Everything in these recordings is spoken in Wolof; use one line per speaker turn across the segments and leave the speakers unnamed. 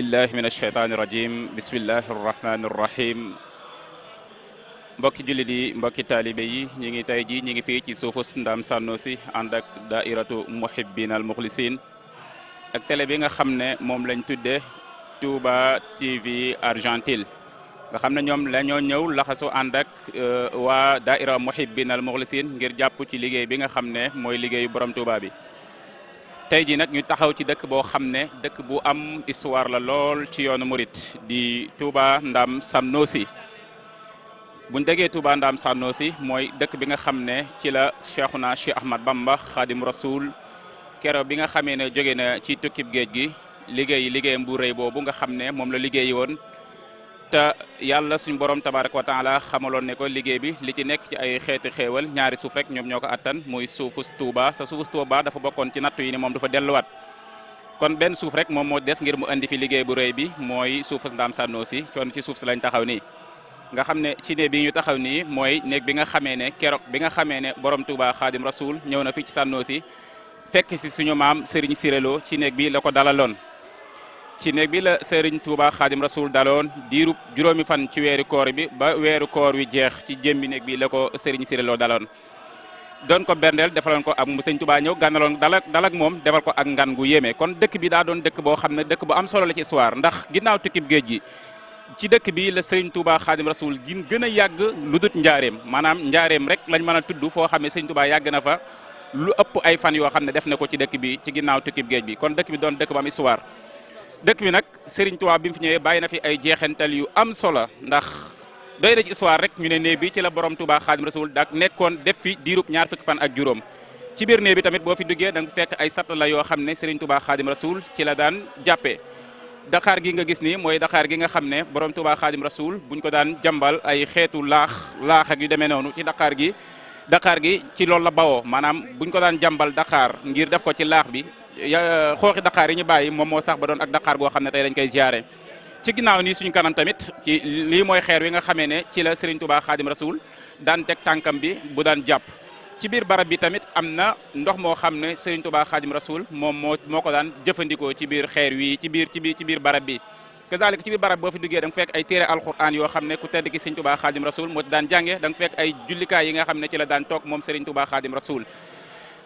billahi min alsheytaan irajim bismillahi arrahmani irrahim mbokki jullit yi mbokki taalibe yi ñi ngi tey ji ñi ngi fii ci suufus Ndaam Sanusi ànd ak daairatu muhibbin al muxlisin ak télé bi nga xam ne moom lañ tudde Touba TV Argentine nga xam ne ñoom la ñoo ñëw laxasu ànd ak euh, waa daaira muhibbin al muxlisin ngir jàpp ci liggéey bi nga xam ne mooy liggéeyu borom Touba bi tey jii nag ñu taxaw ci dëkk boo xam ne dëkk bu am histoire la lool ci yoonu murit di Touba Ndam Sanoussi buñ déggee Touba Ndam Sanoussi mooy dëkk bi nga xam ne ci la Cheikhuna Cheikh Ahmad Bamba Khadim Rasoul keroog bi nga xamee ne jóge na ci tukkib géej gi liggéey liggéeyam bu rëy boobu nga xam ne moom la liggéey woon te yàlla suñ borom tabaraka wa taala xamaloon ne ko liggéey bi li ci nekk ci ay xeeti xéewal ñaari suuf rek ñoom ñoo ko attan muy suufus Touba sa suufus Touba dafa bokkoon ci nattu yi ni moom dafa delluwaat kon benn suuf rek moom moo des ngir mu indi fi liggéey bu rey bi mooy suufus Ndaam Sanoussi kon ci suuf si lañ taxaw nii nga xam ne ci ne bi ñu taxaw nii mooy néeg bi nga xamee ne keroog bi nga xamee ne borom Touba Xaadim Rasoul ñëw na fi ci Sanoussi fekk si suñu maam Serigne Sirelo ci néeg bi la ko dalaloon ci néeg bi la Serigne Touba Xaadim Rasoul daloon diirub juróomi fan ci weeru koor bi ba weeru koor wi jeex ci jëmmi néeg bi la ko Serigne Siré Lo daloon doon ko berndeel defaloon ko ak mu Serigne Touba ñëw gànnaloon dalak dalak moom defal ko ak ngan yéeme kon dëkk bi daa doon dëkk boo xam ne dëkk bu am solo la ci histoire ndax ginnaaw tukkib géej gi ci dëkk bi la Serigne Touba Xaadim Rasoul gin gën a yàgg lu dut njaareem maanaam njaareem rek lañ mën a tudd foo xam ne Serigne Touba yàgg na fa lu ëpp ay fan yoo xam ne def na ko ci dëkk bi ci ginnaaw tukkib géej bi kon dëkk bi doon dëkk bu am dëkk bi nag Serigne Touba bi fi ñëwee bàyyi na fi ay jeexental yu am solo ndax doy na histoire rek ñu ne néeg bi ci la borom Touba Xaadim Rasul dak nekkoon def fi diirub ñaar fukki fan ak juróom ci biir bi tamit boo fi duggee da nga ay sàtt la yoo xam ne Serigne Touba Xaadim Rasul ci la daan jàppee. dakaar gi nga gis ni mooy Dakar gi nga xam ne borom Touba Xaadim Rasul buñ ko daan jambal ay xeetu laax laax ak yu demee noonu ci Dakar gi. Dakar gi ci loolu la bawoo maanaam buñ ko daan jàmbal Dakar ngir def ko ci laax bi ya xooxi daqaar yi ñu bàyyi moom moo sax ba doon ak daqaar goo xam ne tey dañ koy ziare ci ginnaaw ni suñu kanam tamit ci lii mooy xeer wi nga xamee ne ci la Serigne Touba Khadim Rasoul daan teg tànkam bi bu daan jàpp ci biir barab bi tamit am na ndox moo xam ne Serigne Touba Khadim rasul moom moo moo ko daan jëfandikoo ci xeer wi ci biir ci biir ci biir barab bi kazalik ci biir barab boo fi duggee da nga fekk ay téere alquran yoo xam ne ku tedd ki Serigne Touba Khadim moo daan jànge da nga fekk yi nga xam ne ci la daan moom Serigne Touba Khadim Rasoul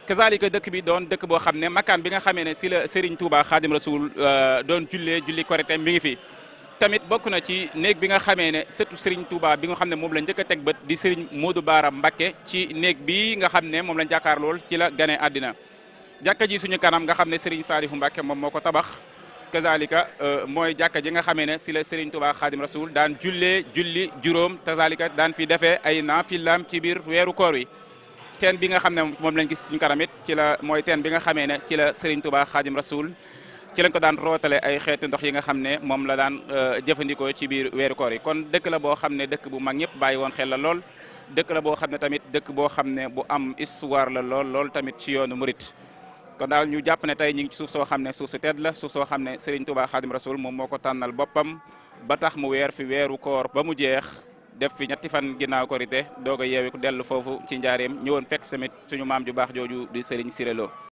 kazalika dëkk bi doon dëkk boo xam ne makkaan bi nga xamee ne si la Serigne Touba Khadim Rasoul euh, doon jullee julli korité mi ngi fi. tamit bokk na ci néeg bi nga xamee ne sëtu Serigne Touba bi nga xam ne moom la njëkk a teg bët di Serigne Modou Baara Mbacké ci néeg bi nga xam ne moom la jàkkaar ci la gane àddina jàkka ji suñu kanam nga xam ne Serigne Saliou Mbacké moom moo ko tabax kazalika euh, mooy jàkka ji nga xamee ne si la Serigne Touba Khadim Rasoul daan jullee julli juróom kazalika daan fi defee ay naafilaam ci biir weeru koor wi teen bi nga xam ne moom lañ gis suñu kanam it ci la mooy teen bi nga xamee ne ci la Serigne Touba Khadim Rasoul ci lañ ko daan rootale ay xeetu ndox yi nga xam ne moom la daan euh, jëfandikoo ci biir weeru koor yi kon dëkk la boo xam ne dëkk bu mag ñëpp bàyyi woon xel la lool dëkk la boo xam ne tamit dëkk boo xam ne bu am histoire la lool lool tamit ci yoonu murit kon daal ñu jàpp ne tey ñu ngi ci suuf soo xam ne suuf su tedd la suuf soo xam ne Serigne Touba Khadim Rasoul moom moo ko tànnal boppam ba tax mu weer fi weeru koor ba mu jeex def fi ñetti fan ginnaaw korité doog a yeewiku dellu foofu ci njaareem ñëwoon fekk tamit suñu maam ju baax jooju di Serigne Sirelo